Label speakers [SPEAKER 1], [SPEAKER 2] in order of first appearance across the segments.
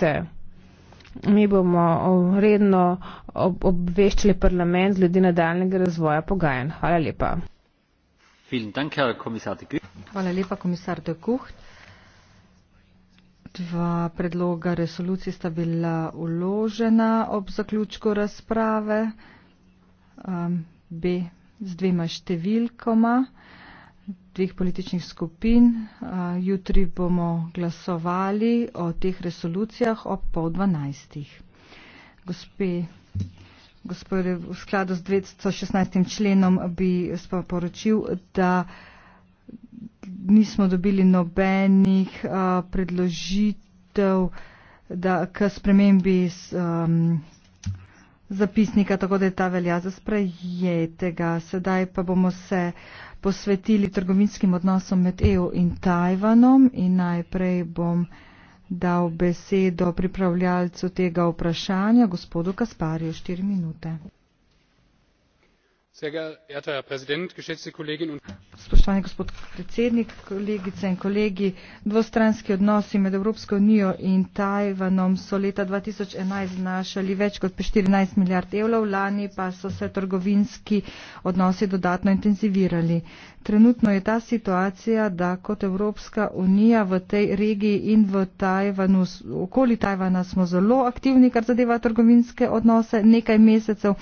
[SPEAKER 1] sice. Mi bomo redno obveščali parlament glede nadaljnega razvoja pogajan. Hvala lepa.
[SPEAKER 2] Dank, Hvala lepa, komisar De Kuht. Dva predloga resolucij sta bila uložena ob zaključku razprave. Um, B z dvema številkoma dveh političnih skupin. Jutri bomo glasovali o teh resolucijah ob pol dvanajstih. Gospe, gospode, v skladu s 216. členom bi sporočil, da nismo dobili nobenih predložitev da, k spremembi s, um, zapisnika, tako da je ta velja za sprejetega. Sedaj pa bomo se uh, posvetili trgovinskim odnosom med EU in Tajvanom in najprej bom dal besedo pripravljalcu tega vprašanja, gospodu Kasparju, štiri minute spoštovani gospod predsednik kolegice in kolegi dvostranski odnosi med evropsko unijo in tajvanom so leta dva tisoč enajst znašali več kot štirinajst milijard evrov lani pa so se trgovinski odnosi dodatno intenzivirali. Trenutno je ta situacija, da kot Evropska unija v tej regiji in v Tajvanu, okoli Tajvana smo zelo aktivni, kar zadeva trgovinske odnose, nekaj mesecev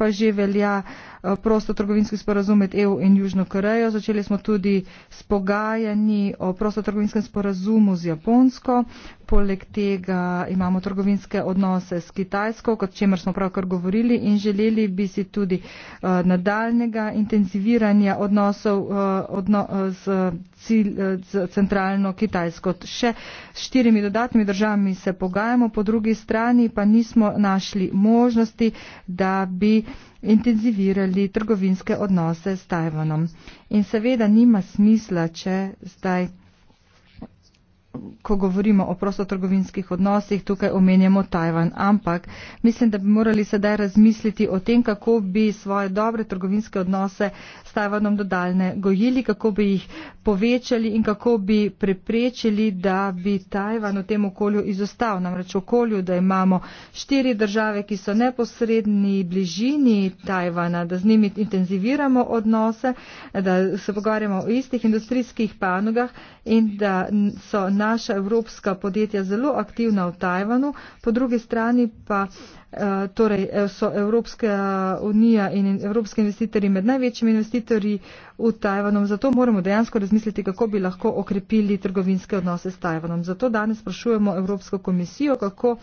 [SPEAKER 2] pa že velja eh, prostotrgovinski sporazum med EU in Južno Korejo. Začeli smo tudi s pogajanji o prostotrgovinskem sporazumu z Japonsko. Poleg tega imamo trgovinske odnose s Kitajsko, kot čemer smo pravkar govorili in želeli bi si tudi eh, nadaljnega intenziviranja odnosov Uh, odno, uh, z, cilj, uh, z centralno Kitajsko. Še s štirimi dodatnimi državami se pogajamo, po drugi strani pa nismo našli možnosti, da bi intenzivirali trgovinske odnose s Tajvanom. In seveda nima smisla, če zdaj ko govorimo o prostotrgovinskih odnosih, tukaj omenjamo Tajvan. Ampak mislim, da bi morali sedaj razmisliti o tem, kako bi svoje dobre trgovinske odnose s Tajvanom dodaljne gojili, kako bi jih povečali in kako bi preprečili, da bi Tajvan v tem okolju izostal. Namreč okolju, da imamo štiri države, ki so neposredni bližini Tajvana, da z njimi intenziviramo odnose, da se pogovarjamo o istih industrijskih panogah in da so naša evropska podjetja zelo aktivna v Tajvanu, po drugi strani pa Eh, torej eh, so Evropska unija in evropski investitorji med največjimi investitorji v Tajvanom, zato moramo dejansko razmisliti, kako bi lahko okrepili trgovinske odnose s Tajvanom. Zato danes sprašujemo Evropsko komisijo, kako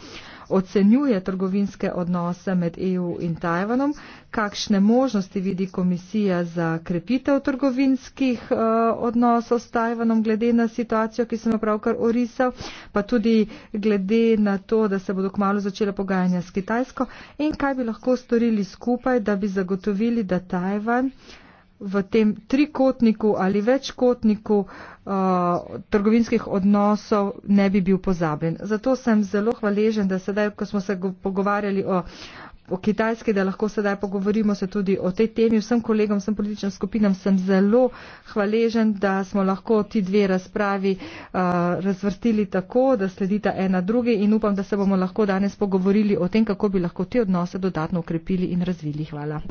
[SPEAKER 2] ocenjuje trgovinske odnose med EU in Tajvanom, kakšne možnosti vidi komisija za krepitev trgovinskih uh, odnosov s Tajvanom, glede na situacijo, ki sem jo pravkar orisal, pa tudi glede na to, da se bodo kmalo začele pogajanja s Kitajem. Kitajsko in kaj bi lahko storili skupaj, da bi zagotovili, da Tajvan v tem trikotniku ali večkotniku uh, trgovinskih odnosov ne bi bil pozabljen. Zato sem zelo hvaležen, da sedaj, ko smo se pogovarjali o. Uh, o Kitajski, da lahko sedaj pogovorimo se tudi o tej temi. Vsem kolegom, vsem političnim skupinam sem zelo hvaležen, da smo lahko ti dve razpravi uh, razvrstili tako, da sledita ena drugi in upam, da se bomo lahko danes pogovorili o tem, kako bi lahko te odnose dodatno ukrepili in razvili. Hvala.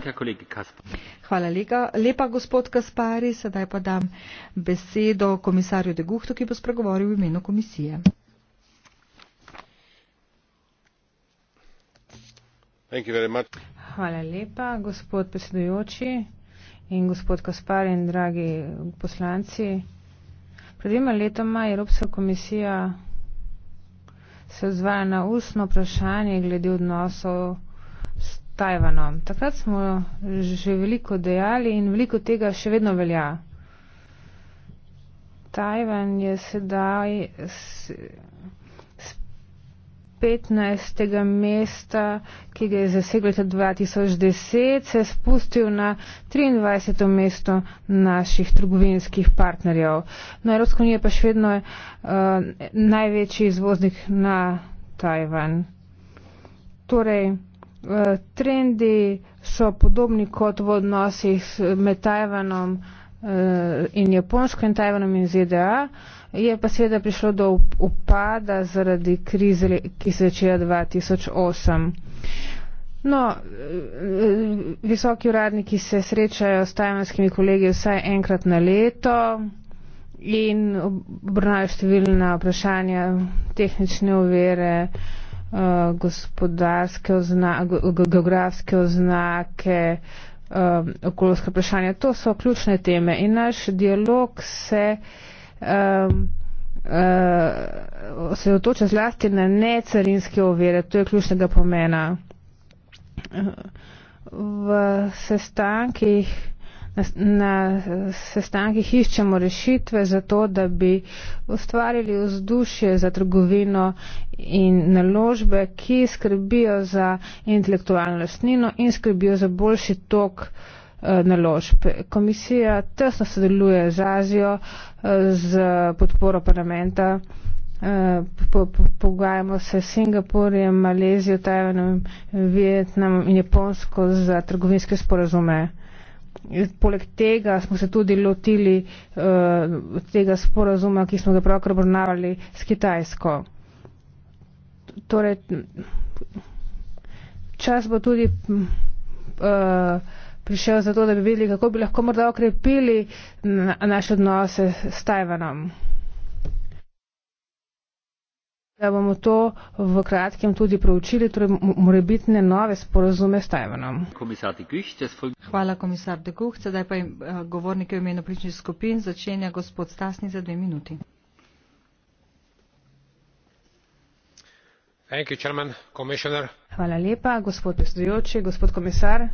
[SPEAKER 2] Hvala lega. lepa, gospod Kaspari. Sedaj pa dam besedo komisarju Deguhtu, ki bo spregovoril v imenu komisije.
[SPEAKER 1] Hvala
[SPEAKER 2] lepa, gospod
[SPEAKER 1] predsedujoči in gospod Kaspar in dragi poslanci. Pred dvema letoma je Evropska komisija se odzvala na ustno vprašanje glede odnosov s Tajvanom. Takrat smo že veliko dejali in veliko tega še vedno velja. Tajvan je sedaj. Se, 15. mesta, ki ga je zasegla leta 2010, se je spustil na 23. mesto naših trgovinskih partnerjev. No, Evropska unija pa še vedno je uh, največji izvoznik na Tajvan. Torej, uh, trendi so podobni kot v odnosih med Tajvanom in Eh, in Japonsko in Tajvanom in ZDA. Je pa seveda prišlo do upada zaradi krize, ki se je začela 2008. No, eh, visoki uradniki se srečajo s tajvanskimi kolegi vsaj enkrat na leto in obrnajo številna vprašanja, tehnične uvere, eh, gospodarske oznake, geografske oznake, um, okoljska vprašanja. To so ključne teme in naš dialog se, um, uh, se otoča zlasti na necarinske ovire. To je ključnega pomena. V sestankih na, na sestankih iščemo rešitve za to, da bi ustvarili vzdušje za trgovino in naložbe, ki skrbijo za intelektualno lastnino in skrbijo za boljši tok eh, naložb. Komisija tesno sodeluje z Azijo, eh, z podporo parlamenta. Eh, pogajamo se s Singapurjem, Malezijo, Tajvanom, Vietnamom in Japonsko za trgovinske sporazume. Poleg tega smo se tudi lotili uh, tega sporazuma, ki smo ga pravkar obravnavali s Kitajsko. Torej, čas bo tudi uh, prišel za to, da bi videli, kako bi lahko morda okrepili na naše odnose s Tajvanom da bomo to v kratkem tudi preučili, torej morebitne nove sporozume s Tajvanom.
[SPEAKER 2] Hvala, komisar de Guh. Sedaj pa eh, je govornik v imenu pričnih skupin. Začenja gospod Stasni za dve minuti.
[SPEAKER 3] Thank you, Chairman, Commissioner.
[SPEAKER 1] Hvala lepa, gospod predsedujoči, gospod komisar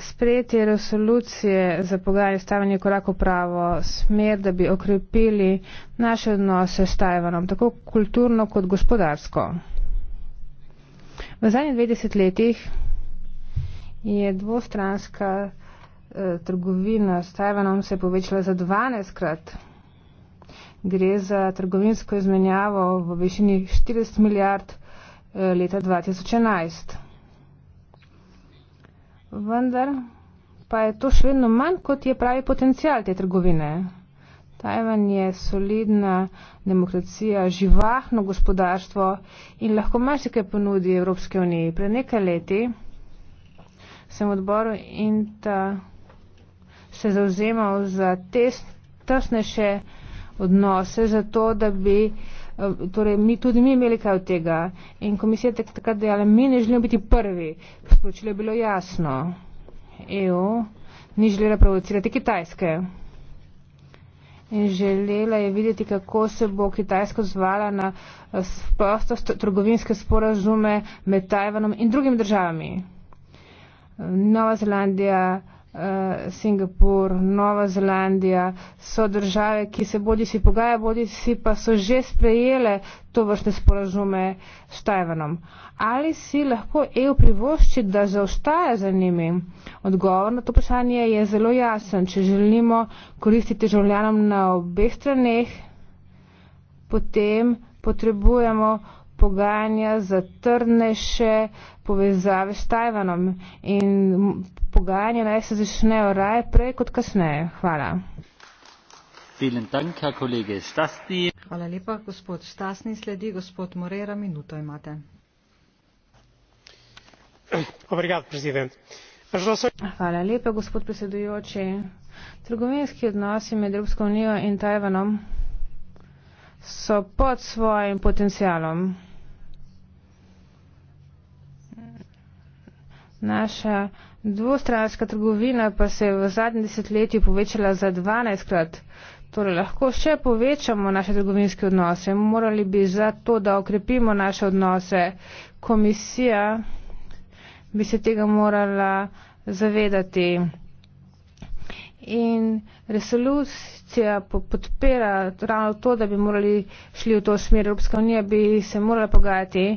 [SPEAKER 1] sprejetje resolucije za pogajanje stavljanje korak v pravo smer, da bi okrepili naše odnose s Tajvanom, tako kulturno kot gospodarsko. V zadnjih 20 letih je dvostranska eh, trgovina s Tajvanom se povečala za 12 krat. Gre za trgovinsko izmenjavo v višini 40 milijard eh, leta 2011 vendar pa je to še vedno manj, kot je pravi potencial te trgovine. Tajvan je solidna demokracija, živahno gospodarstvo in lahko marsikaj ponudi Evropske unije. Pred nekaj leti sem odboru in ta se zauzemal za te tesnejše odnose, zato da bi Eh, torej mi tudi mi imeli kaj od tega. In komisija je takrat dejala, mi ne želimo biti prvi. Sporočilo je bilo jasno. EU ni želela provocirati Kitajske. In želela je videti, kako se bo Kitajsko zvala na eh, prosto trgovinske sporazume med Tajvanom in drugimi državami. Eh, Nova Zelandija, Eh, Singapur, Nova Zelandija so države, ki se bodi si pogaja, bodi si pa so že sprejele to vrste sporazume s Tajvanom. Ali si lahko EU privošči, da zaostaja za njimi? Odgovor na to vprašanje je zelo jasen. Če želimo koristiti življanom na obeh straneh, potem potrebujemo pogajanja za trdnejše povezave s Tajvanom in pogajanja naj se začnejo raje prej kot kasneje. Hvala.
[SPEAKER 2] Hvala lepa, gospod Stasni. Sledi gospod Morera, minuto imate. Hvala lepa, gospod predsedujoči. Trgovinski
[SPEAKER 1] odnosi med Evropsko unijo in Tajvanom so pod svojim potencialom. Naša dvostranska trgovina pa se je v zadnjem desetletju povečala za 12 krat. Torej lahko še povečamo naše trgovinske odnose. Morali bi za to, da okrepimo naše odnose, komisija bi se tega morala zavedati. In resolucija podpira ravno to, da bi morali šli v to smer. Evropska unija bi se morala pogajati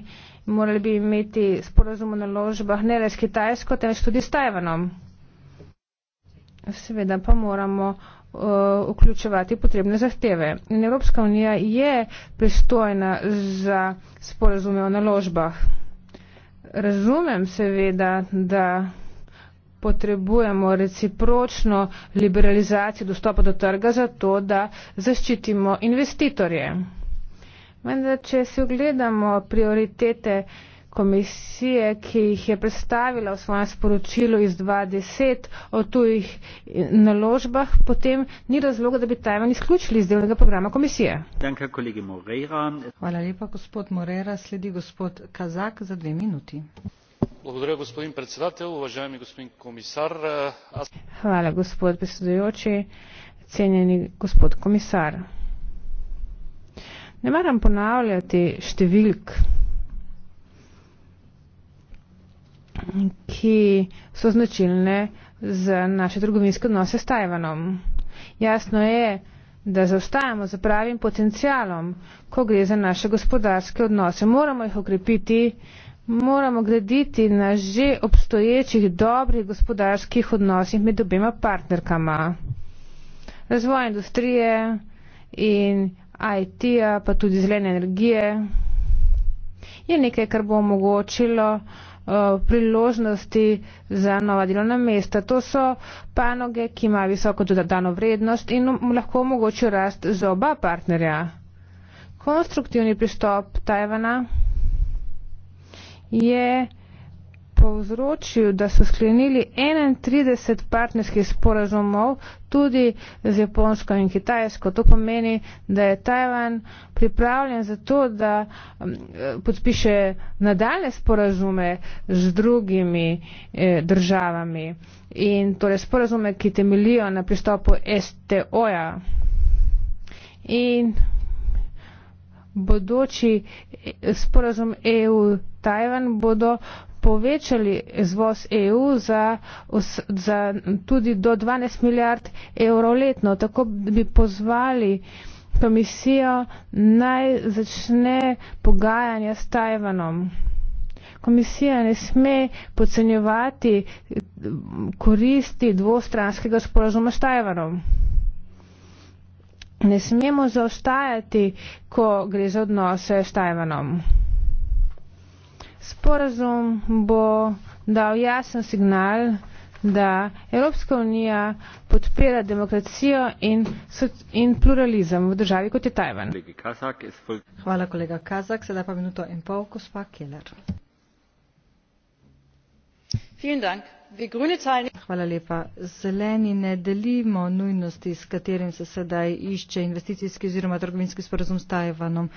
[SPEAKER 1] morali bi imeti sporazum o naložbah ne le s Kitajsko, temveč tudi s Tajvanom. Seveda pa moramo eh, vključevati potrebne zahteve. In Evropska unija je pristojna za sporazume o naložbah. Razumem seveda, da potrebujemo recipročno liberalizacijo dostopa do trga za to, da zaščitimo investitorje. Vendar, če si ogledamo prioritete komisije, ki jih je predstavila v svojem sporočilu iz 2010 o tujih naložbah, potem
[SPEAKER 2] ni razloga, da bi Tajvan izključili iz delnega programa komisije. Danka, Hvala lepa, gospod Morera. Sledi gospod Kazak za dve minuti. Благодаря, господин председател. Уважаеми господин комисар. Аз... Хваля, господ председател.
[SPEAKER 1] Ценени господ комисар. Ne maram ponavljati številk, ki so značilne za naše trgovinske odnose s Tajvanom. Jasno je, da zaostajamo za pravim potencialom, ko gre za naše gospodarske odnose. Moramo jih okrepiti, moramo graditi na že obstoječih dobrih gospodarskih odnosih med obema partnerkama. Razvoj industrije in IT-ja, pa tudi zelene energije, je nekaj, kar bo omogočilo uh, priložnosti za nova delovna mesta. To so panoge, ki imajo visoko dodano vrednost in um, lahko omogočijo rast za oba partnerja. Konstruktivni pristop Tajvana je povzročil, da so sklenili 31 partnerskih sporazumov tudi z Japonsko in Kitajsko. To pomeni, da je Tajvan pripravljen za to, da podpiše nadaljne sporazume z drugimi eh, državami in torej sporazume, ki temelijo na pristopu STO-ja. In bodoči eh, sporazum EU-Tajvan bodo povečali izvoz EU za, za tudi do 12 milijard evrov letno. Tako bi pozvali komisijo naj začne pogajanja s Tajvanom. Komisija ne sme pocenjevati koristi dvostranskega sporazuma s Tajvanom. Ne smemo zaostajati, ko gre za odnose s Tajvanom. Sporazum bo dal jasen signal, da Evropska unija podpira demokracijo
[SPEAKER 2] in, in pluralizem v državi kot je Tajvan. Hvala kolega Kazak, sedaj pa minuto in pol, gospa Keller hvala lepa zeleni ne delimo nujnosti s katerim se sedaj išče investicijski oziroma trgovinski sporazum s tajvanom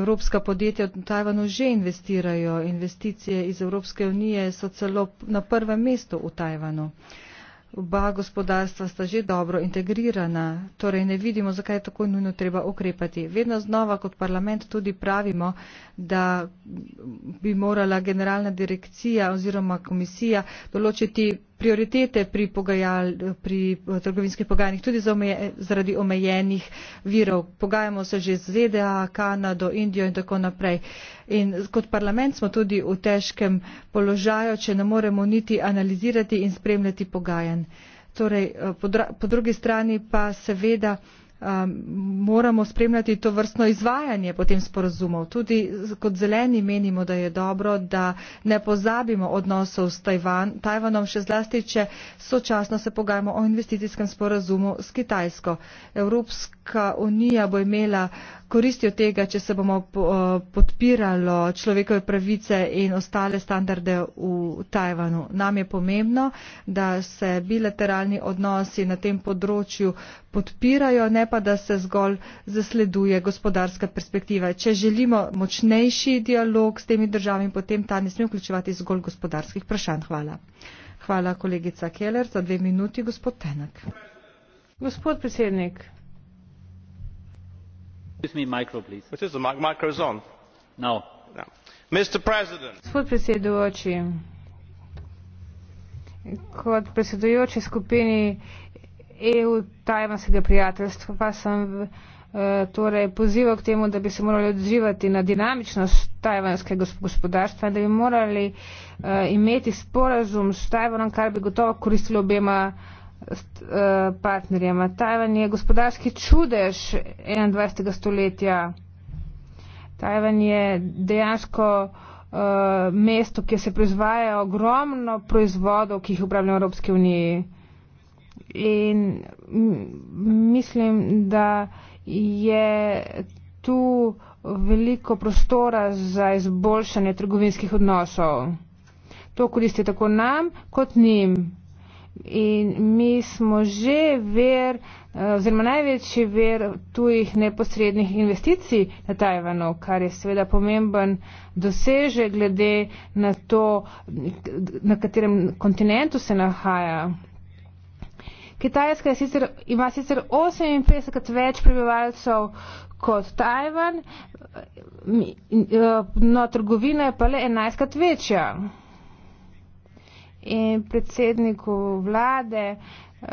[SPEAKER 2] evropska podjetja v tajvanu že investirajo investicije iz evropske unije so celo na prvem mestu v tajvanu. Oba gospodarstva sta že dobro integrirana, torej ne vidimo, zakaj je tako nujno treba ukrepati. Vedno znova kot parlament tudi pravimo, da bi morala generalna direkcija oziroma komisija določiti prioritete pri, pogajal, pri eh, trgovinskih pogajanjih tudi omeje, zaradi omejenih virov. Pogajamo se že z ZDA, Kanado, Indijo in tako naprej. In kot parlament smo tudi v težkem položaju, če ne moremo niti analizirati in spremljati pogajanj. Torej, eh, po, dra, po drugi strani pa seveda. Um, moramo spremljati to vrstno izvajanje potem sporozumov. Tudi kot zeleni menimo, da je dobro, da ne pozabimo odnosov s Tajvan, Tajvanom, še zlasti, če sočasno se pogajamo o investicijskem sporozumu s Kitajsko. Evropska unija bo imela koristi od tega, če se bomo eh, podpiralo človekove pravice in ostale standarde v Tajvanu. Nam je pomembno, da se bilateralni odnosi na tem področju podpirajo, ne pa da se zgolj zasleduje gospodarska perspektiva. Če želimo močnejši dialog s temi državami, potem ta ne sme vključevati zgolj gospodarskih vprašanj. Hvala. Hvala kolegica Keller. Za dve minuti gospod Tenak. Gospod predsednik,
[SPEAKER 1] No. No. kot predsedujoči skupini eu tajvanskega prijateljstva pa sem eh, torej pozival k temu da bi se morali odzivati na dinamičnost tajvanskega gospodarstva in da bi morali eh, imeti sporazum s tajvanom kar bi gotovo koristilo obema Eh, partnerjema. Tajvan je gospodarski čudež 21. stoletja. Tajvan je dejansko uh, mesto, kjer se proizvaja ogromno proizvodov, ki jih upravlja Evropske unije. In mislim, da je tu veliko prostora za izboljšanje trgovinskih odnosov. To koristi tako nam kot njim in mi smo že ver, eh, oziroma največji ver tujih neposrednih investicij na Tajvanu, kar je seveda pomemben doseže glede na to, na katerem kontinentu se nahaja. Kitajska sicer, ima sicer 58 več prebivalcev kot Tajvan, eh, no trgovina je pa le 11 krat večja in predsedniku vlade uh,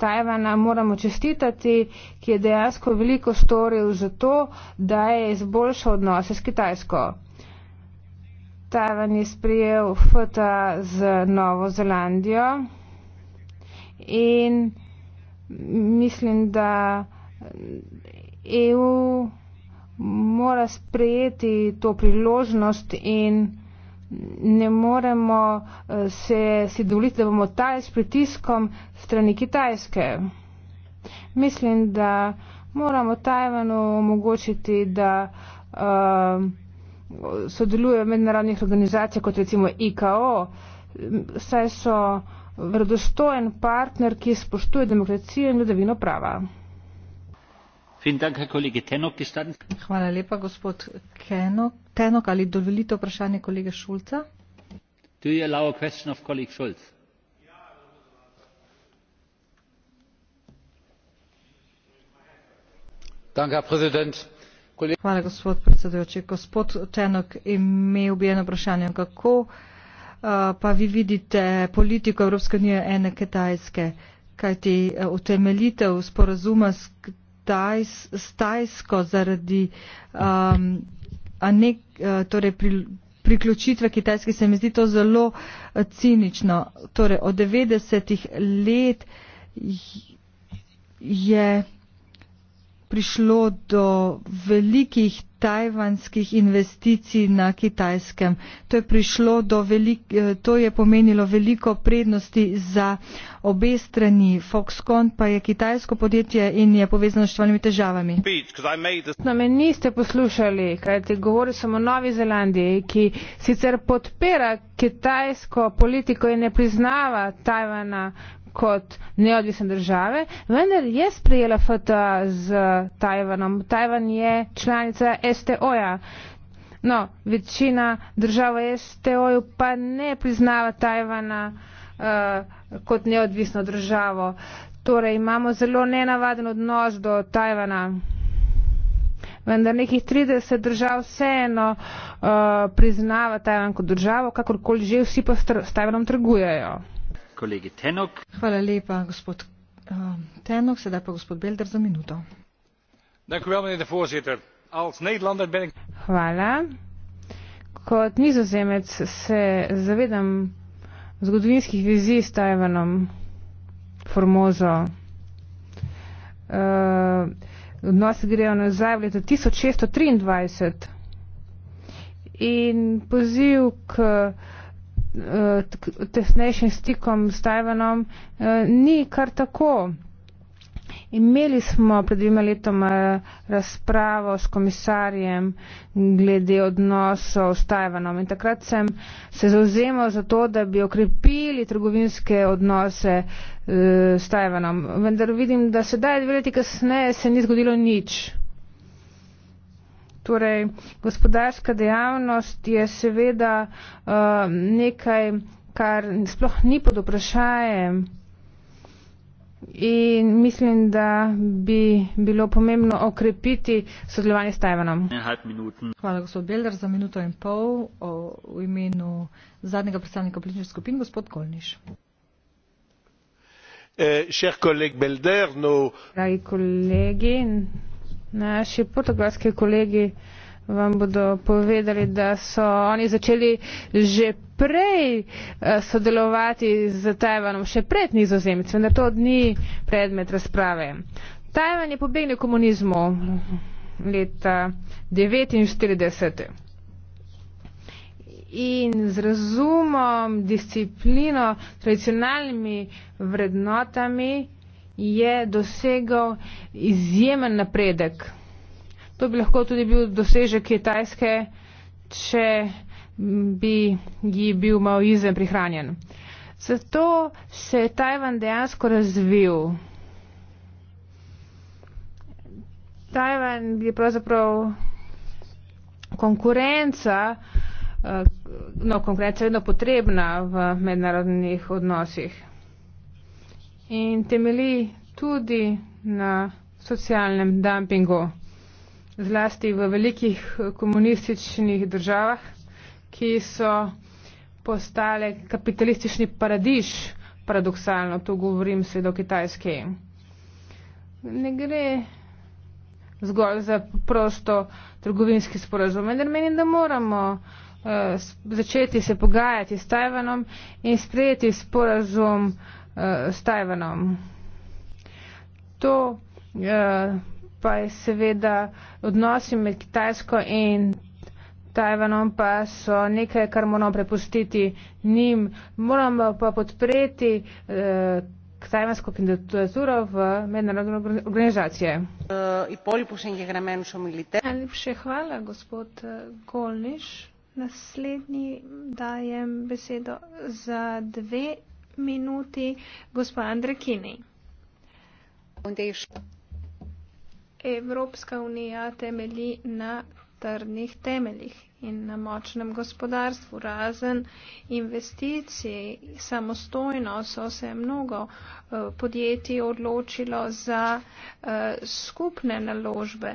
[SPEAKER 1] Tajvana moramo čestitati, ki je dejansko veliko storil za to, da je izboljšal odnose s Kitajsko. Tajvan je sprijel FTA z Novo Zelandijo in mislim, da EU mora sprejeti to priložnost in ne moremo eh, se si dovoliti, da bomo taj s pritiskom strani Kitajske. Mislim, da moramo Tajvanu omogočiti, da uh, sodeluje v mednarodnih organizacijah, kot recimo IKO, saj so vredostojen partner, ki spoštuje demokracijo in
[SPEAKER 2] ljudevino prava. Hvala lepa, gospod Kenok. Kenok, ali dovolite vprašanje kolega Šulca? Do you allow a question of colleague Schulz? Hvala, gospod predsedujoči. Gospod Tenok, imel bi eno vprašanje. Kako uh, pa vi vidite politiko Evropske unije ene Kitajske? Kajti uh, utemeljitev sporazuma s, tajs, s Tajsko zaradi um, nek, eh, torej pri, priključitve kitajske, se mi zdi to zelo eh, cinično. Torej, od 90-ih let je prišlo do velikih tajvanskih investicij na kitajskem. To je, veliko, eh, to je pomenilo veliko prednosti za obe strani. Foxconn pa je kitajsko podjetje in je povezano s številnimi težavami. Na me niste poslušali,
[SPEAKER 1] kajti govoril sem o Novi Zelandiji, ki sicer podpira kitajsko politiko in ne priznava Tajvana kot neodvisne države, vendar je sprejela FTA z Tajvanom. Tajvan je članica STO-ja. No, večina država STO-ju pa ne priznava Tajvana uh, kot neodvisno državo. Torej imamo zelo nenavaden odnos do Tajvana. Vendar nekih 30 držav vseeno uh, priznava Tajvan kot državo, kakorkoli že vsi pa s
[SPEAKER 2] Tajvanom trgujejo kolegi Tenok. Hvala lepa, gospod uh, Tenok. Sedaj pa gospod Belder za minuto.
[SPEAKER 1] Hvala. Kot nizozemec se zavedam zgodovinskih vizij s Tajvanom, Formozo. Uh, odnose grejo nazaj v leta 1623 in poziv k. Eh, tesnejšim stikom s Tajvanom, eh, ni kar tako. Imeli smo pred dvima letoma eh, razpravo s komisarjem glede odnosov s Tajvanom in takrat sem se zauzemal za to, da bi okrepili trgovinske odnose s Tajvanom. Vendar vidim, da sedaj dve leti kasneje se ni zgodilo nič. Torej, gospodarska dejavnost je seveda uh, nekaj, kar sploh ni pod vprašajem. In mislim, da bi bilo pomembno okrepiti sodelovanje s Tajvanom.
[SPEAKER 2] Hvala, gospod Belder, za minuto in pol o, v imenu zadnjega predstavnika političnih skupin, gospod Kolniš.
[SPEAKER 1] Eh, Dragi kolegi, Naši portugalski kolegi vam bodo povedali, da so oni začeli že prej eh, sodelovati z Tajvanom, še pred nizozemci, vendar to ni predmet razprave. Tajvan je pobegnil komunizmu leta 1949. In z razumom, disciplino, tradicionalnimi vrednotami je dosegal izjemen napredek. To bi lahko tudi bil dosežek Kitajske, če bi ji bil maoizem prihranjen. Zato se je Tajvan dejansko razvil. Tajvan je pravzaprav konkurenca, eh, no konkurenca je vedno potrebna v mednarodnih odnosih in temeli tudi na socialnem dumpingu, zlasti v velikih komunističnih državah, ki so postale kapitalistični paradiž, paradoksalno, to govorim sve do Kitajske. Ne gre zgolj za prosto trgovinski sporazum, vendar menim, da moramo uh, začeti se pogajati s Tajvanom in sprejeti sporazum uh, uh, eh, Stevenom. To uh, pa je seveda odnosi med Kitajsko in Tajvanom, pa so nekaj, kar moramo prepustiti njim. Moramo pa podpreti uh, tajvansko kandidaturo v mednarodne organizacije.
[SPEAKER 3] Najlepše hvala,
[SPEAKER 1] gospod
[SPEAKER 3] Golniš. Naslednji dajem besedo za dve minuti. Gospod Andrej Kinej. Evropska unija temelji na trdnih temeljih in na močnem gospodarstvu. Razen investicij samostojno so se mnogo eh, podjetij odločilo za eh, skupne naložbe.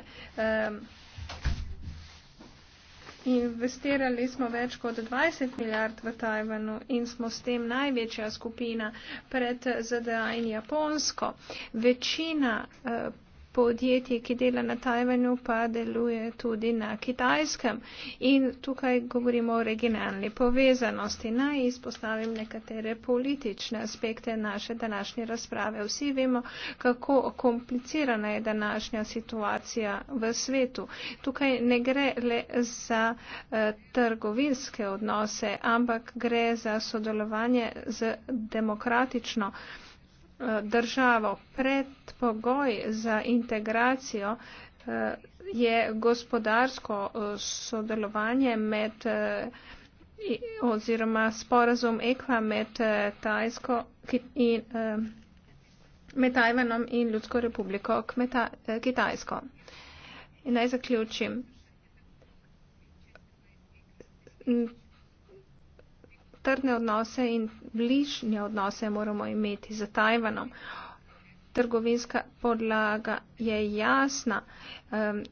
[SPEAKER 3] Investirali smo več kot 20 milijard v Tajvanu in smo s tem največja skupina pred ZDA in Japonsko. Večina uh, podjetje, ki dela na Tajvanu, pa deluje tudi na Kitajskem. In tukaj govorimo o regionalni povezanosti. Naj izpostavim nekatere politične aspekte naše današnje razprave. Vsi vemo, kako komplicirana je današnja situacija v svetu. Tukaj ne gre le za uh, trgovinske odnose, ampak gre za sodelovanje z demokratično. Uh, Eh, državo. Predpogoj za integracijo eh, je gospodarsko eh, sodelovanje med oziroma sporazum ekva med Tajsko in med Tajvanom in Ljudsko republiko kmeta, Kitajsko. In naj zaključim trdne odnose in bližnje odnose moramo imeti z Tajvanom. Trgovinska podlaga je jasna. Um,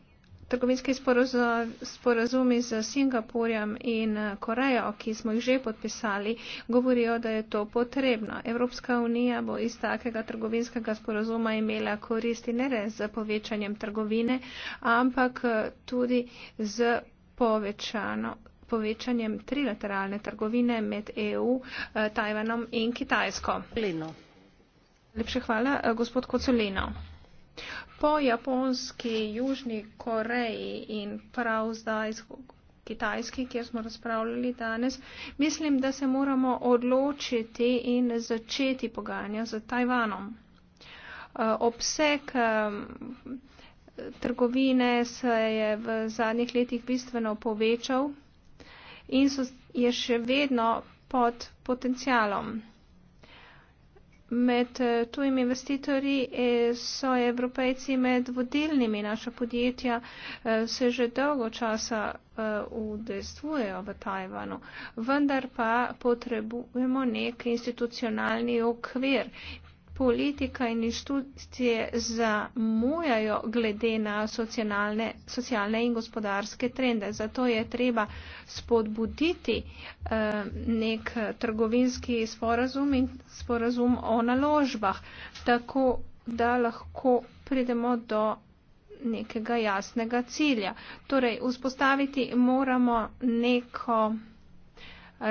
[SPEAKER 3] trgovinski sporazumi z Singapurjem in eh, Korejo, ki smo jih že podpisali, govorijo, da je to potrebno. Evropska unija bo iz takega trgovinskega sporazuma imela koristi ne le z povečanjem trgovine, ampak eh, tudi z povečano povečanjem trilateralne trgovine med EU, eh, Tajvanom in Kitajsko. Leno. Lepše hvala, eh, gospod Kocolino. Po Japonski, Južni Koreji in prav zdaj Kitajski, kjer smo razpravljali danes, mislim, da se moramo odločiti in začeti pogajanja z Tajvanom. Eh, obseg trgovine se je v zadnjih letih bistveno povečal in so, je še vedno pod potencialom. Med eh, tujimi investitorji eh, so evropejci med vodilnimi naša podjetja, eh, se že dolgo časa udestvujejo v Tajvanu, vendar pa potrebujemo nek institucionalni okvir, politika in inštitucije zamujajo glede na socialne, socialne in gospodarske trende. Zato je treba spodbuditi eh, nek trgovinski sporazum in sporazum o naložbah, tako da lahko pridemo do nekega jasnega cilja. Torej, vzpostaviti moramo neko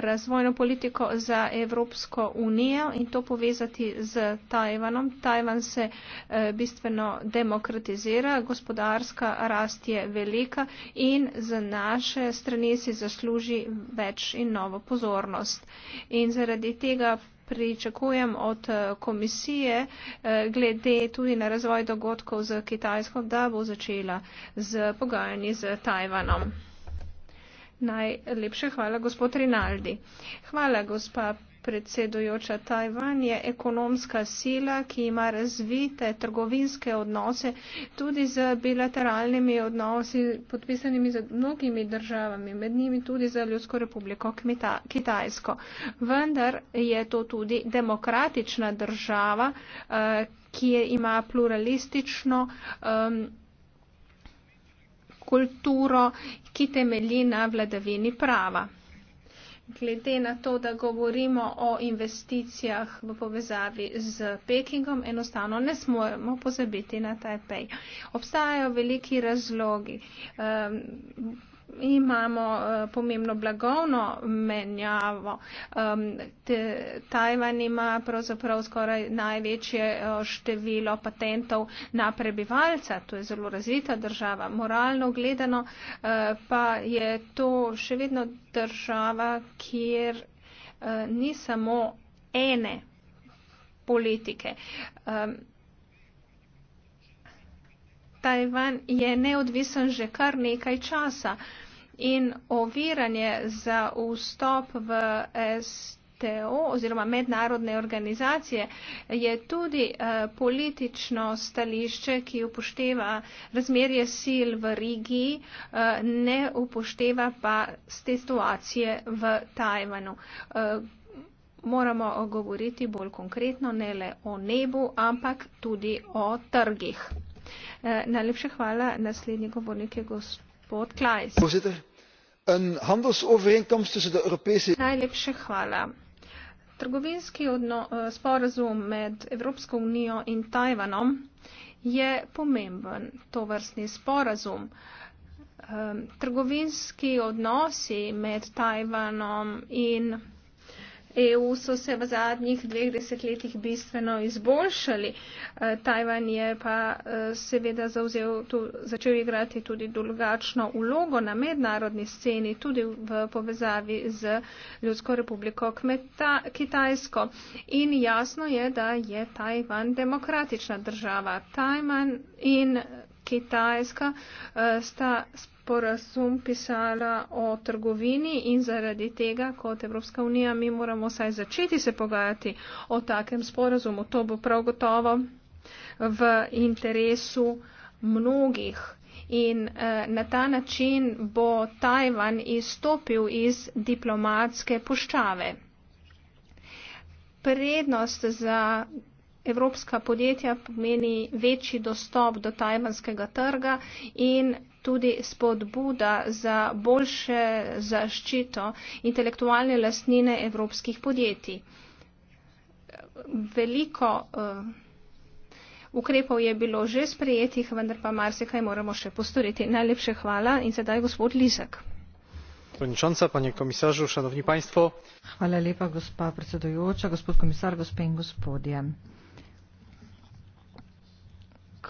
[SPEAKER 3] razvojno politiko za Evropsko unijo in to povezati z Tajvanom. Tajvan se eh, bistveno demokratizira, gospodarska rast je velika in z naše strani si zasluži več in novo pozornost. In zaradi tega pričakujem od eh, komisije eh, glede tudi na razvoj dogodkov z Kitajsko, da bo začela z pogajanji z Tajvanom. Najlepše hvala, gospod Rinaldi. Hvala, gospa predsedujoča. Tajvan je ekonomska sila, ki ima razvite trgovinske odnose tudi z bilateralnimi odnosi, podpisanimi z mnogimi državami, med njimi tudi za Ljudsko republiko Kitajsko. Vendar je to tudi demokratična država, eh, ki ima pluralistično. Um, kulturo, ki temelji na vladavini prava. Glede na to, da govorimo o investicijah v povezavi z Pekingom, enostavno ne smemo pozabiti na Tajpej. Obstajajo veliki razlogi. Um, imamo eh, pomembno blagovno menjavo. Tajvan ima pravzaprav skoraj največje eh, število patentov na prebivalca, to je zelo razvita država. Moralno gledano eh, pa je to še vedno država, kjer ni samo ene politike. Tajvan je neodvisen že kar nekaj časa. Uh, in oviranje za vstop v STO oziroma mednarodne organizacije je tudi eh, politično stališče, ki upošteva razmerje sil v regiji, eh, ne upošteva pa situacije v Tajvanu. Eh, moramo govoriti bolj konkretno ne le o nebu, ampak tudi o trgih. Najlepša hvala, naslednji govornik je gospod voorzitter
[SPEAKER 1] een handelsovereenkomst tussen de europese.
[SPEAKER 3] najlepše hvala trgovinski eh, sporazum med evropsko unijo in tajvanom je pomemben tovrstni sporazum ehm, trgovinski odnosi med tajvanom in EU so se v zadnjih dveh desetletjih bistveno izboljšali. E, Tajvan je pa e, seveda zauzel, tu, začel igrati tudi drugačno ulogo na mednarodni sceni, tudi v povezavi z Ljudsko republiko Kmeta, Kitajsko. In jasno je, da je Tajvan demokratična država. Tajvan in Kitajska e, sta porazum pisala o trgovini in zaradi tega, kot Evropska unija, mi moramo saj začeti se pogajati o takem sporazumu. To bo prav gotovo v interesu mnogih. In eh, na ta način bo Tajvan izstopil iz diplomatske puščave. Prednost za evropska podjetja pomeni večji dostop do tajvanskega trga in tudi spodbuda za boljše zaščito intelektualne lastnine evropskih podjetij. Veliko eh, ukrepov je bilo že sprejetih, vendar pa marsikaj moramo še postoriti. Najlepše hvala in sedaj gospod Lizek.
[SPEAKER 2] Hvala lepa, gospa predsedujoča, gospod komisar, gospe in gospodje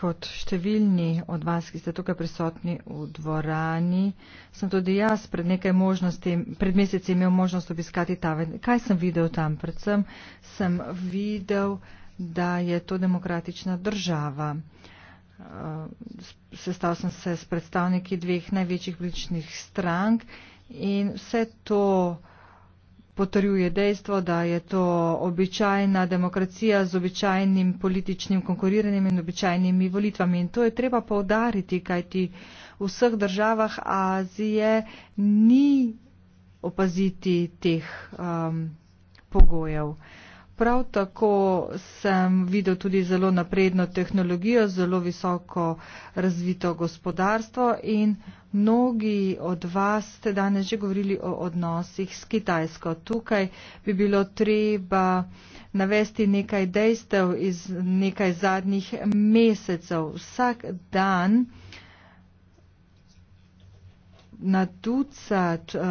[SPEAKER 2] kot številni od vas, ki ste tukaj prisotni v dvorani, sem tudi jaz pred nekaj možnosti, pred meseci imel možnost obiskati ta ven. Kaj sem videl tam? Predvsem sem videl, da je to demokratična država. Eh, sestal sem se s predstavniki dveh največjih političnih strank in vse to potrjuje dejstvo, da je to običajna demokracija z običajnim političnim konkuriranjem in običajnimi volitvami. In to je treba povdariti, kajti v vseh državah Azije ni opaziti teh um, pogojev. Prav tako sem videl tudi zelo napredno tehnologijo, zelo visoko razvito gospodarstvo in mnogi od vas ste danes že govorili o odnosih s Kitajsko. Tukaj bi bilo treba navesti nekaj dejstev iz nekaj zadnjih mesecev. Vsak dan na ducat uh,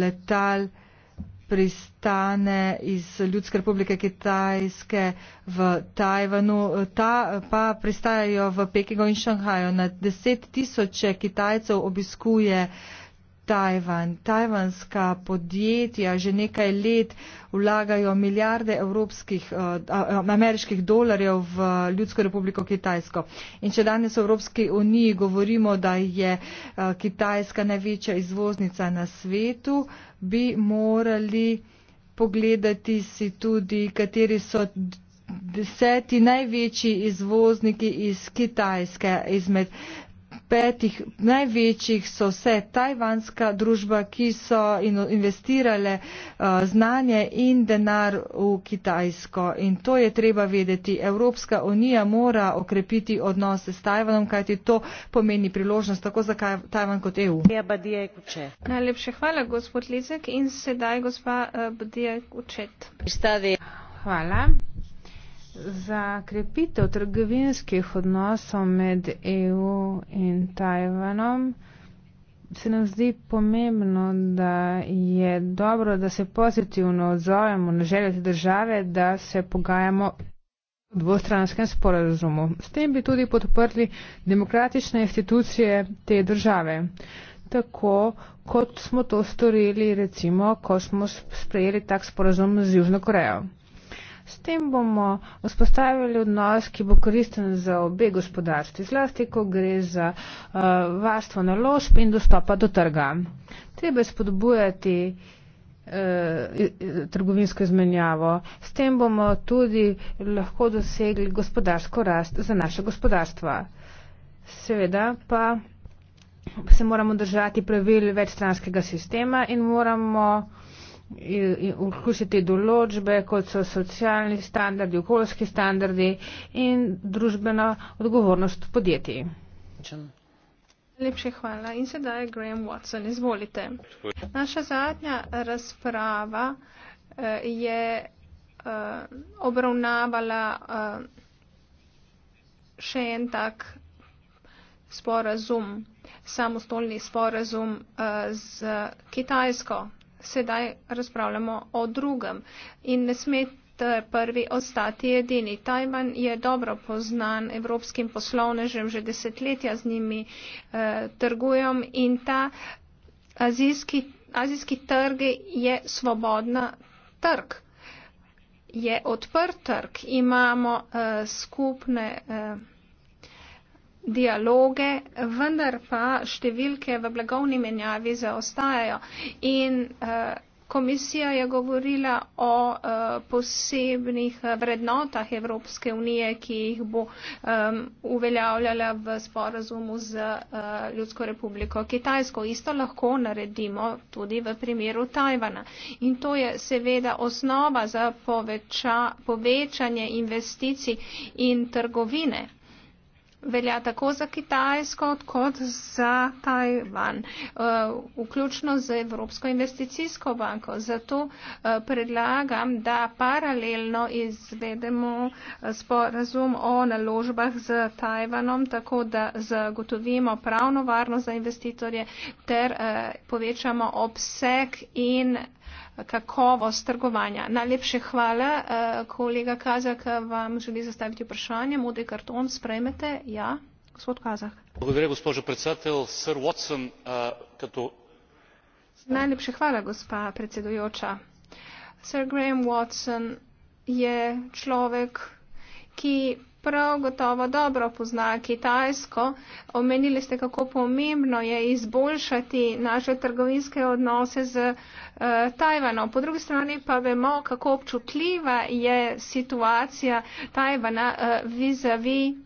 [SPEAKER 2] letal pristane iz Ljudske republike Kitajske v Tajvanu, ta pa pristajajo v Pekingu in Šanghaju. Na deset tisoče Kitajcev obiskuje Tajvan. Tajvanska podjetja že nekaj let vlagajo milijarde evropskih, eh, ameriških dolarjev v ljudsko republiko Kitajsko. In če danes v Evropski uniji govorimo, da je eh, Kitajska največja izvoznica na svetu, bi morali pogledati si tudi, kateri so deseti največji izvozniki iz Kitajske, izmed petih največjih so vse tajvanska družba, ki so investirale uh, znanje in denar v Kitajsko. In to je treba vedeti. Evropska unija mora okrepiti odnose s Tajvanom, kajti to pomeni priložnost tako za Tajvan kot EU.
[SPEAKER 3] Najlepše hvala, gospod Lizek. In sedaj, gospa eh, Bdijek, učet.
[SPEAKER 1] Hvala. Za krepitev trgovinskih odnosov med EU in Tajvanom se nam zdi pomembno, da je dobro, da se pozitivno odzovemo na želje te države, da se pogajamo v dvostranskem sporazumu. S tem bi tudi podprli demokratične institucije te države. Tako kot smo to storili, recimo, ko smo sprejeli tak sporazum z Južno Korejo. S tem bomo vzpostavili odnos, ki bo koristen za obe gospodarstvi, zlasti, ko gre za uh, varstvo naložb in dostopa do trga. Treba je spodbujati eh, trgovinsko izmenjavo. S tem bomo tudi lahko dosegli gospodarsko rast za naše gospodarstva. Seveda pa se moramo držati pravil večstranskega sistema in moramo uh, vključiti določbe, kot so socialni standardi, okoljski standardi in družbena odgovornost podjetij.
[SPEAKER 3] Lepše hvala. In sedaj Graham Watson, izvolite. Naša zadnja razprava eh, je eh, obravnavala eh, še en tak sporazum, samostolni sporazum z Kitajsko sedaj razpravljamo o drugem in ne sme prvi ostati edini. Tajvan je dobro poznan evropskim poslovnežem, že desetletja z njimi eh, trgujem in ta azijski, azijski trg je svobodna trg. Je odprt trg, imamo eh, skupne. Eh, dialoge, vendar pa številke v blagovni menjavi zaostajajo. In eh, komisija je govorila o eh, posebnih eh, vrednotah Evropske unije, ki jih bo uveljavljala v sporazumu z Ljudsko republiko Kitajsko. Isto lahko naredimo tudi v primeru Tajvana. In to je seveda osnova za poveča, povečanje investicij in trgovine velja tako za Kitajsko kot za Tajvan, eh, vključno z Evropsko investicijsko banko. Zato eh, predlagam, da paralelno izvedemo eh, sporazum o naložbah z Tajvanom, tako da zagotovimo pravno varnost za investitorje ter povečamo obseg in kakovost trgovanja. Najlepše hvala, eh, kolega Kazak, vam želi zastaviti vprašanje. Modri karton sprejmete. Ja, gospod Kazak.
[SPEAKER 2] Благодаря, госпожо председател. Сър Уотсън, като...
[SPEAKER 3] Najlepše hvala, gospa predsedujoča. Sir Graham Watson je človek, ki prav gotovo dobro pozna Kitajsko. Omenili ste, kako pomembno je izboljšati naše trgovinske odnose z uh, Tajvanom. Po drugi strani pa vemo, kako občutljiva je situacija Tajvana uh, eh, vizavi.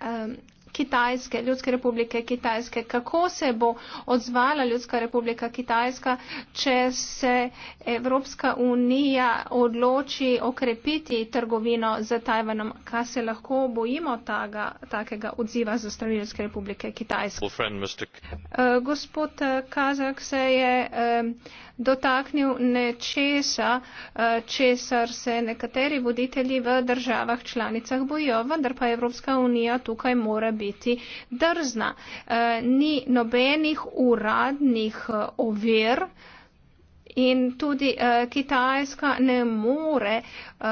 [SPEAKER 3] Um, Kitajske, Ljudske republike Kitajske, kako se bo odzvala Ljudska republika Kitajska, če se Evropska unija odloči okrepiti trgovino z Tajvanom, kaj se lahko bojimo taga, takega odziva za strani Ljudske republike Kitajske. Well, friend, Mr. Uh, eh, gospod eh, Kazak se je uh, dotaknil nečesa, eh, česar se nekateri voditelji v državah članicah bojo, vendar pa Evropska unija tukaj mora biti drzna. Eh, ni nobenih uradnih eh, ovir. In tudi eh, Kitajska ne more eh,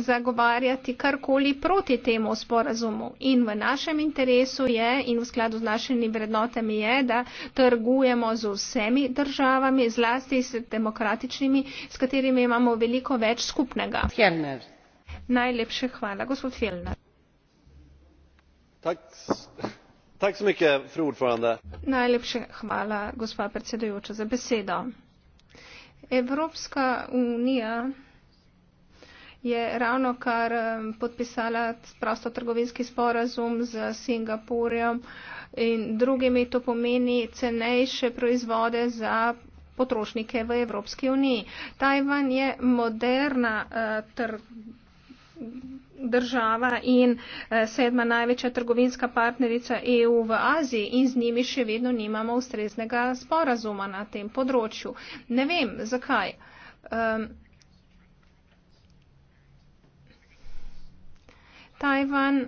[SPEAKER 3] zagovarjati karkoli proti temu sporazumu. In v našem interesu je in v skladu z našimi vrednotami je, da trgujemo z vsemi državami, zlasti s demokratičnimi, s katerimi imamo veliko več skupnega. Fjellner. Najlepše hvala, gospod Fjellner.
[SPEAKER 1] Tak, tak ordförande.
[SPEAKER 3] Najlepše hvala, gospa predsedujoča, za besedo. Evropska unija je ravno kar podpisala prostotrgovinski sporazum z Singapurjem in drugimi, to pomeni cenejše proizvode za potrošnike v Evropski uniji. Tajvan je moderna e, država in e, sedma največja trgovinska partnerica EU v Aziji in z njimi še vedno nimamo ustreznega sporazuma na tem področju. Ne vem, zakaj. Um, Tajvan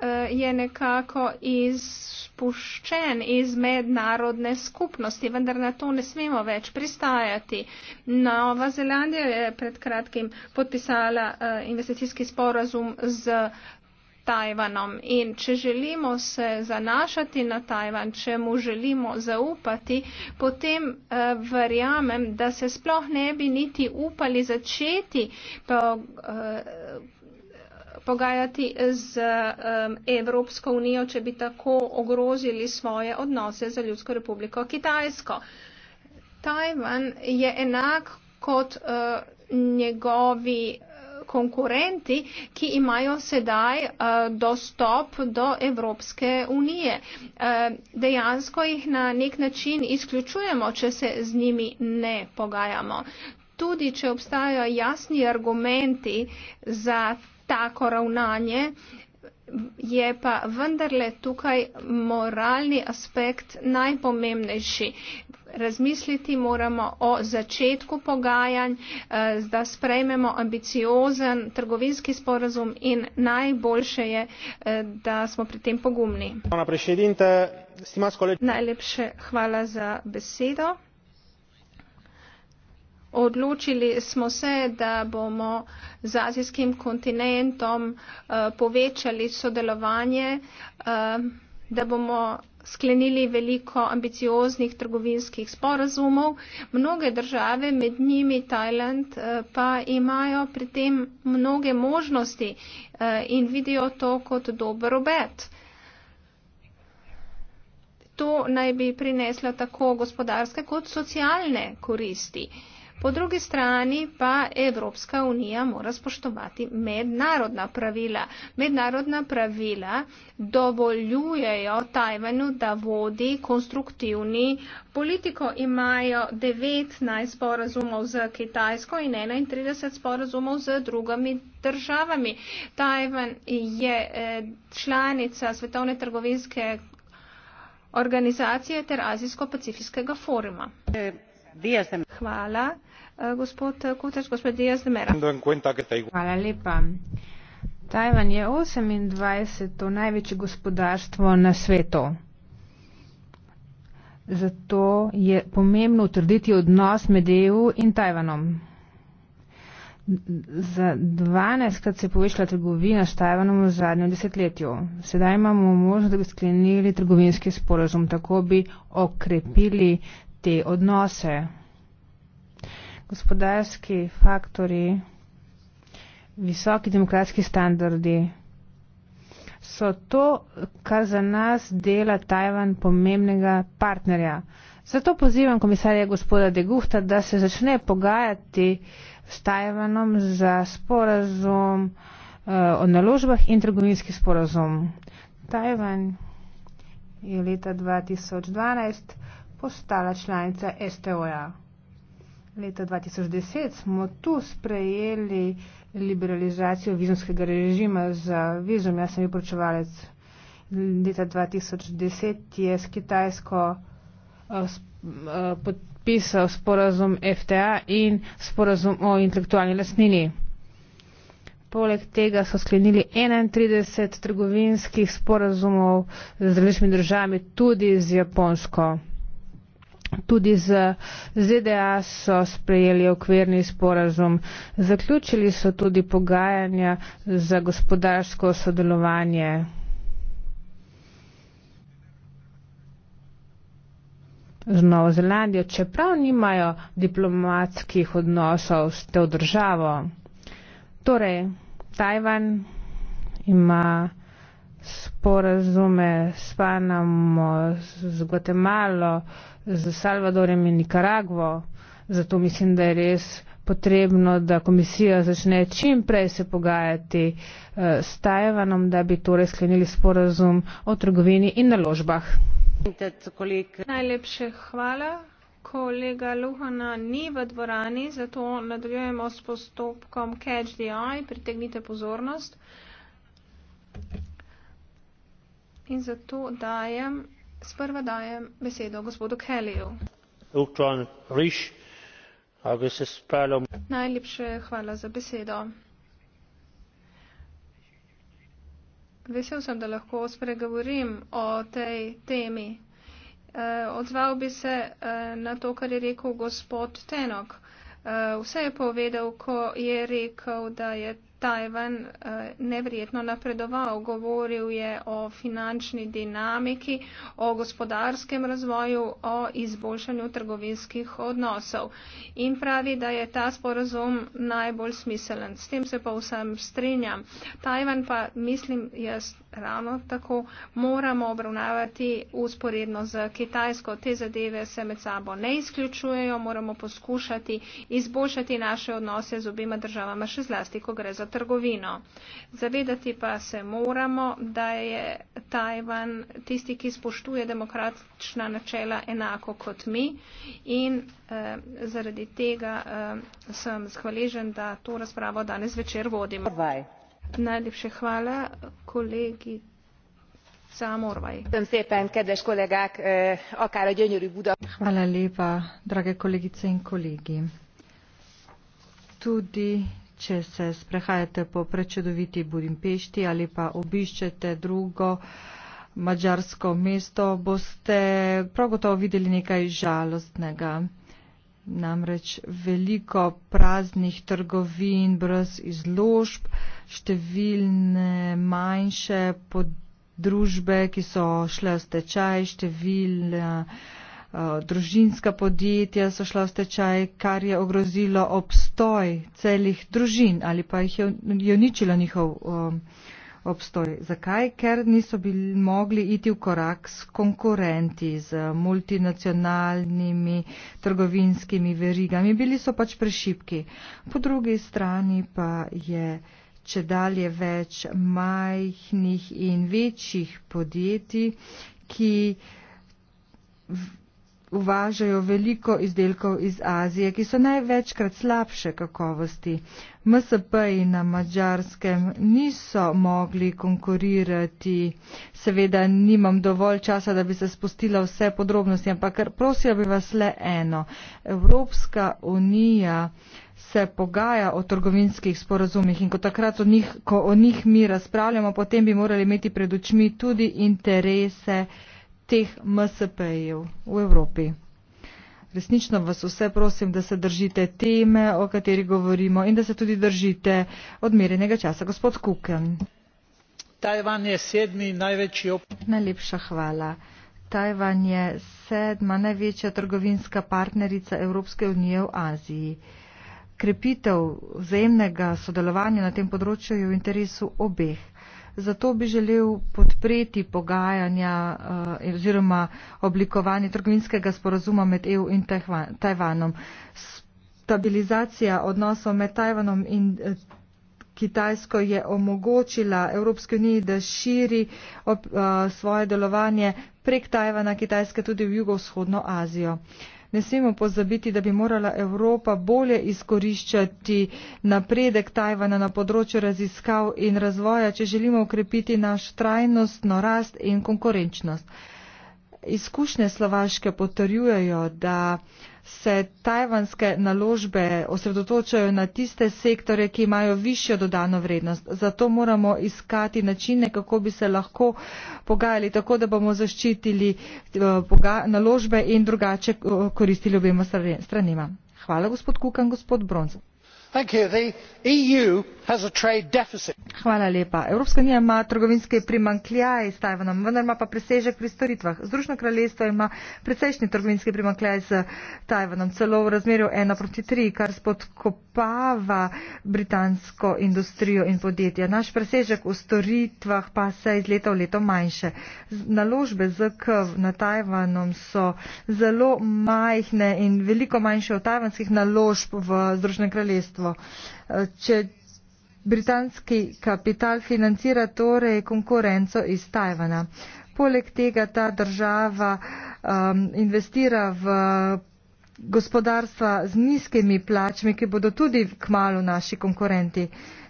[SPEAKER 3] eh, je nekako izpuščen iz mednarodne skupnosti, vendar na to ne smemo več pristajati. Nova Zelandija je pred kratkim podpisala eh, investicijski sporazum z Tajvanom in če želimo se zanašati na Tajvan, če mu želimo zaupati, potem eh, verjamem, da se sploh ne bi niti upali začeti. Pa, pogajati z Evropsko unijo, če bi tako ogrozili svoje odnose za ljudsko republiko Kitajsko. Tajvan je enak kot eh, njegovi eh, konkurenti, ki imajo sedaj uh, dostop do Evropske unije. Uh, dejansko jih na nek način izključujemo, če se z njimi ne pogajamo. Tudi, če obstajajo jasni argumenti za tako ravnanje, je pa vendarle tukaj moralni aspekt najpomembnejši. Razmisliti moramo o začetku pogajanj, eh, da sprejmemo ambiciozen trgovinski sporazum in najboljše je, eh, da smo pri tem pogumni. Najlepše hvala za besedo odločili smo se, da bomo z azijskim kontinentom eh, povečali sodelovanje, eh, da bomo sklenili veliko ambicioznih trgovinskih sporazumov. Mnoge države, med njimi Tajland, eh, pa imajo pri tem mnoge možnosti in vidijo to kot dober obet. To naj bi prineslo tako gospodarske kot socialne koristi. Uh, Po drugi strani pa Evropska unija mora spoštovati mednarodna pravila. Mednarodna pravila dovoljujejo Tajvanu, da vodi konstruktivni politiko. Imajo 19 sporazumov z Kitajsko in 31 sporazumov z drugimi državami. Tajvan je eh, članica svetovne trgovinske organizacije ter Azijsko-pacifiskega foruma. E Eh, tajvan je osemindvajseto
[SPEAKER 1] največje gospodarstvo na svetu zato je pomembno utrditi odnos med EU in Tajvanom. Za dvanajstkrat se je povečala trgovina s Tajvanom v zadnjem desetletju. Sedaj imamo možnost, da bi sklenili trgovinski sporozum, tako bi okrepili te odnose. Gospodarski faktori, visoki demokratski standardi so to, kar za nas dela Tajvan pomembnega partnerja. Zato pozivam komisarja gospoda Degufta, da se začne pogajati s Tajvanom za sporazum eh, o naložbah in trgovinski sporazum. Tajvan je leta 2012 postala članica STO-ja. Leta 2010 smo tu sprejeli liberalizacijo vizumskega režima za vizum. Jaz sem bil pročevalec. Leta 2010 je s Kitajsko eh, eh, podpisal sporazum FTA in sporazum o intelektualni lasnini. Poleg tega so sklenili 31 trgovinskih sporazumov z različnimi državami, tudi z Japonsko. Tudi z ZDA so sprejeli okvirni sporazum. Zaključili so tudi pogajanja za gospodarsko sodelovanje. z Novo Zelandijo, čeprav nimajo diplomatskih odnosov s to državo. Torej, Tajvan ima sporazume s Panamo, z Gvatemalo, uh, z Salvadorjem in Nikaragvo. Zato mislim, da je res potrebno, da komisija začne čim prej se pogajati eh, s Tajvanom, da bi torej sklenili sporazum o trgovini in naložbah.
[SPEAKER 3] Najlepše hvala. Kolega Luhana ni v dvorani, zato nadaljujemo s postopkom Catch the Eye. Pritegnite pozornost. In zato dajem Sprva dajem besedo gospodu Kellyju. Najlepše hvala za besedo. Vesel sem, da lahko spregovorim o tej temi. Eh, odzval bi se eh, na to, kar je rekel gospod Tenok. Eh, vse je povedal, ko je rekel, da je Tajvan eh, nevrijetno napredovao, govoril je o finančni dinamiki, o gospodarskem razvoju, o izboljšanju trgovinskih odnosov in pravi, da je ta sporazum najbolj smiselen. S tem se pa vsem strinjam. Tajvan pa, mislim, jaz ravno tako moramo obravnavati usporedno z Kitajsko. Te zadeve se med sabo ne izključujejo, moramo poskušati izboljšati naše odnose z obima državama, še zlasti, ko gre za trgovino. Zavedati pa se moramo, da je Tajvan tisti, ki spoštuje demokratična načela enako kot mi in eh, zaradi tega eh, sem hvaležen, da to razpravo danes večer vodimo. Orvaj. Najlepše hvala, kolegi. Eh,
[SPEAKER 2] hvala lepa, drage kolegice in kolegi. Tudi če se sprehajate po prečudoviti Budimpešti ali pa obiščete drugo mađarsko mesto, boste prav gotovo videli nekaj žalostnega. Namreč veliko praznih trgovin brez izložb, številne manjše pod družbe, ki so šle v stečaj, številne uh, Eh, družinska podjetja so šla v stečaj, kar je ogrozilo obstoj celih družin ali pa jih je uničilo njihov eh, obstoj. Zakaj? Ker niso bili mogli iti v korak s konkurenti, z multinacionalnimi trgovinskimi verigami, bili so pač prešipki. Po drugi strani pa je če dalje več majhnih in večjih podjetij, ki uvažajo veliko izdelkov iz Azije, ki so največkrat slabše kakovosti. MSP-ji na mačarskem niso mogli konkurirati. Seveda nimam dovolj časa, da bi se spustila vse podrobnosti, ampak prosila bi vas le eno. Evropska unija se pogaja o trgovinskih sporazumih in ko takrat o njih, ko o njih mi razpravljamo, potem bi morali imeti pred očmi tudi interese teh MSP-jev v Evropi. Resnično vas vse prosim, da se držite teme, o kateri govorimo in da se tudi držite odmerenega časa. Gospod Kuken. Tajvan je sedmi največji op. Najlepša hvala. Tajvan je sedma največja trgovinska partnerica Evropske unije v Aziji. Krepitev vzajemnega sodelovanja na tem področju je v interesu obeh zato bi želel podpreti pogajanja eh, oziroma oblikovanje trgovinskega sporazuma med EU in Tajvanom. Stabilizacija odnosov med Tajvanom in eh, Kitajsko je omogočila Evropske unije, da širi eh, svoje delovanje prek Tajvana Kitajske tudi v jugovzhodno Azijo. Ne smemo pozabiti, da bi morala Evropa bolje izkoriščati napredek Tajvana na področju raziskav in razvoja, če želimo ukrepiti naš trajnostno rast in konkurenčnost. Izkušnje Slovaške potrjujejo, da se tajvanske naložbe osredotočajo na tiste sektore, ki imajo višjo dodano vrednost. Zato moramo iskati načine, kako bi se lahko pogajali tako, da bomo zaščitili eh, naložbe in drugače eh, koristili obema stranima. Hvala, gospod Kukan, gospod Bronz. E evropska unija ima trgovinski primanjkljaj s tajvanom vendar ima pa presežek pri storitvah združeno kraljestvo ima precejšnji trgovinski primanjkljaj s tajvanom celo v razmerju ena proti tri kar spodkopava britansko industrijo in podjetja naš presežek v storitvah pa se iz leta v leto manjša naložbe zk na tajvanom so zelo majhne in veliko manjše od tajvanskih naložb v združenem kraljestvu recimo. Eh, če britanski kapital financira torej konkurenco iz Tajvana. Poleg tega ta država um, investira v gospodarstva z nizkimi plačmi, ki bodo tudi k malu naši konkurenti.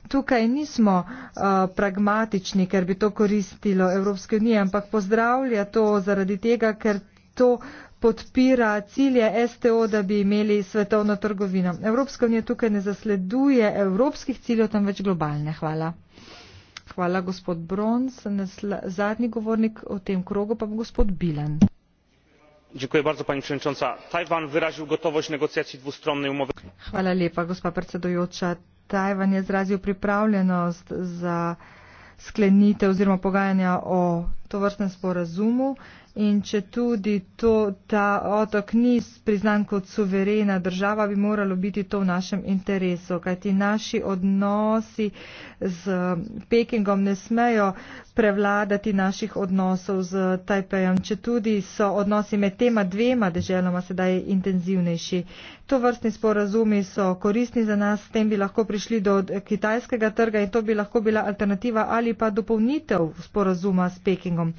[SPEAKER 2] Tukaj nismo uh, pragmatični, ker bi to koristilo Evropske unije, ampak pozdravlja to zaradi tega, ker to uh, podpira cilje STO, da bi imeli svetovno trgovino. Evropska unija tukaj ne zasleduje evropskih ciljev, temveč globalne. Hvala. Hvala, gospod Bronz. Zadnji govornik o tem krogu pa bo gospod Bilan.
[SPEAKER 1] Dziękuję bardzo pani przewodnicząca. Tajwan wyraził gotowość negocjacji dwustronnej umowy.
[SPEAKER 2] Hvala lepa, gospa predsedujoča. Tajvan je izrazil pripravljenost za sklenitev oziroma pogajanja o to vrstnem sporazumu in če tudi to, ta otok ni priznan kot suverena država, bi moralo biti to v našem interesu, kajti naši odnosi z Pekingom ne smejo prevladati naših odnosov z Tajpejem, če tudi so odnosi med tema dvema deželoma sedaj intenzivnejši. To vrstni sporazumi so koristni za nas, s tem bi lahko prišli do kitajskega trga in to bi lahko bila alternativa ali pa dopolnitev sporazuma s Pekingom. Bidingom.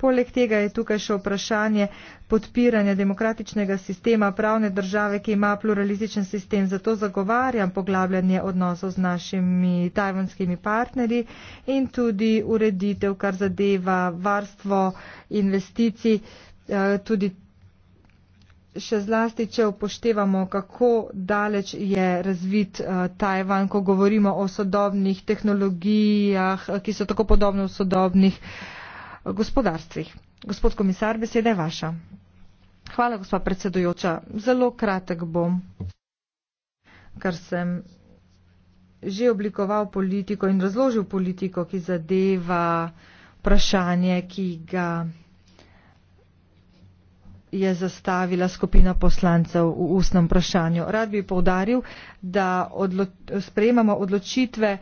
[SPEAKER 2] Poleg tega je tukaj še vprašanje podpiranja demokratičnega sistema pravne države, ki ima pluralističen sistem. Zato zagovarjam poglabljanje odnosov z našimi tajvanskimi partnerji in tudi ureditev, kar zadeva varstvo investicij. Eh, tudi še zlasti, če upoštevamo, kako daleč je razvit eh, Tajvan, ko govorimo o sodobnih tehnologijah, ki so tako podobne sodobnih gospodarstvih. Gospod komisar, beseda je vaša. Hvala, gospa predsedujoča. Zelo kratek bom, ker sem že oblikoval politiko in razložil politiko, ki zadeva vprašanje, ki ga je zastavila skupina poslancev v ustnem vprašanju. Rad bi povdaril, da odlo sprejemamo odločitve,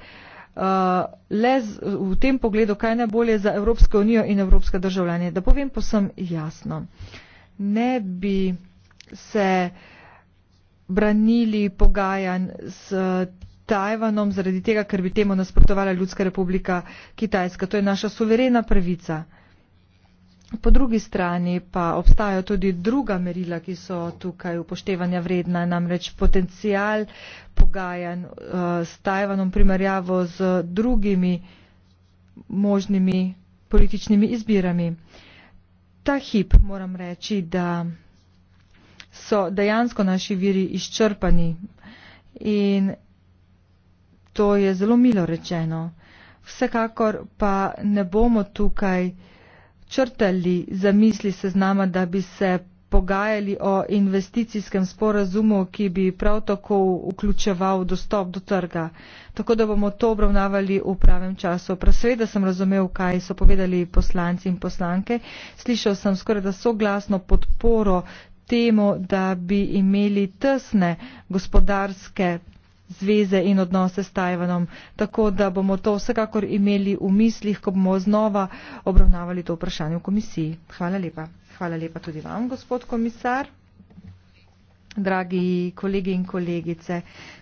[SPEAKER 2] Eh, le v tem pogledu, kaj najbolje za Evropsko unijo in evropske državljanje. Da povem posem jasno, ne bi se branili pogajanj s Tajvanom zaradi tega, ker bi temu nasprotovala Ljudska republika Kitajska. To je naša suverena pravica. Po drugi strani pa obstajajo tudi druga merila, ki so tukaj upoštevanja vredna, namreč potencijal pogajanj uh, s Tajvanom primerjavo z drugimi možnimi političnimi izbirami. Ta hip moram reči, da so dejansko naši viri izčrpani in to je zelo milo rečeno. Vsekakor pa ne bomo tukaj uh, črtali zamisli seznama, da bi se pogajali o investicijskem sporazumu, ki bi prav tako vključeval dostop do trga. Tako da bomo to obravnavali v pravem času. Prasveda sem razumel, kaj so povedali poslanci in poslanke. Slišal sem skoraj da soglasno podporo temu, da bi imeli tesne gospodarske zveze in odnose s Tajvanom. Tako da bomo to vsekakor imeli v mislih, ko bomo znova obravnavali to vprašanje v komisiji. Hvala lepa. Hvala lepa tudi vam, gospod komisar. Dragi kolegi in kolegice,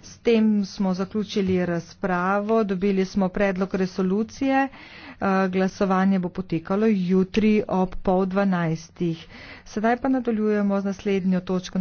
[SPEAKER 2] s tem smo zaključili razpravo, dobili smo predlog resolucije, eh, glasovanje bo potekalo jutri ob pol dvanajstih. Sedaj pa nadaljujemo z naslednjo točko.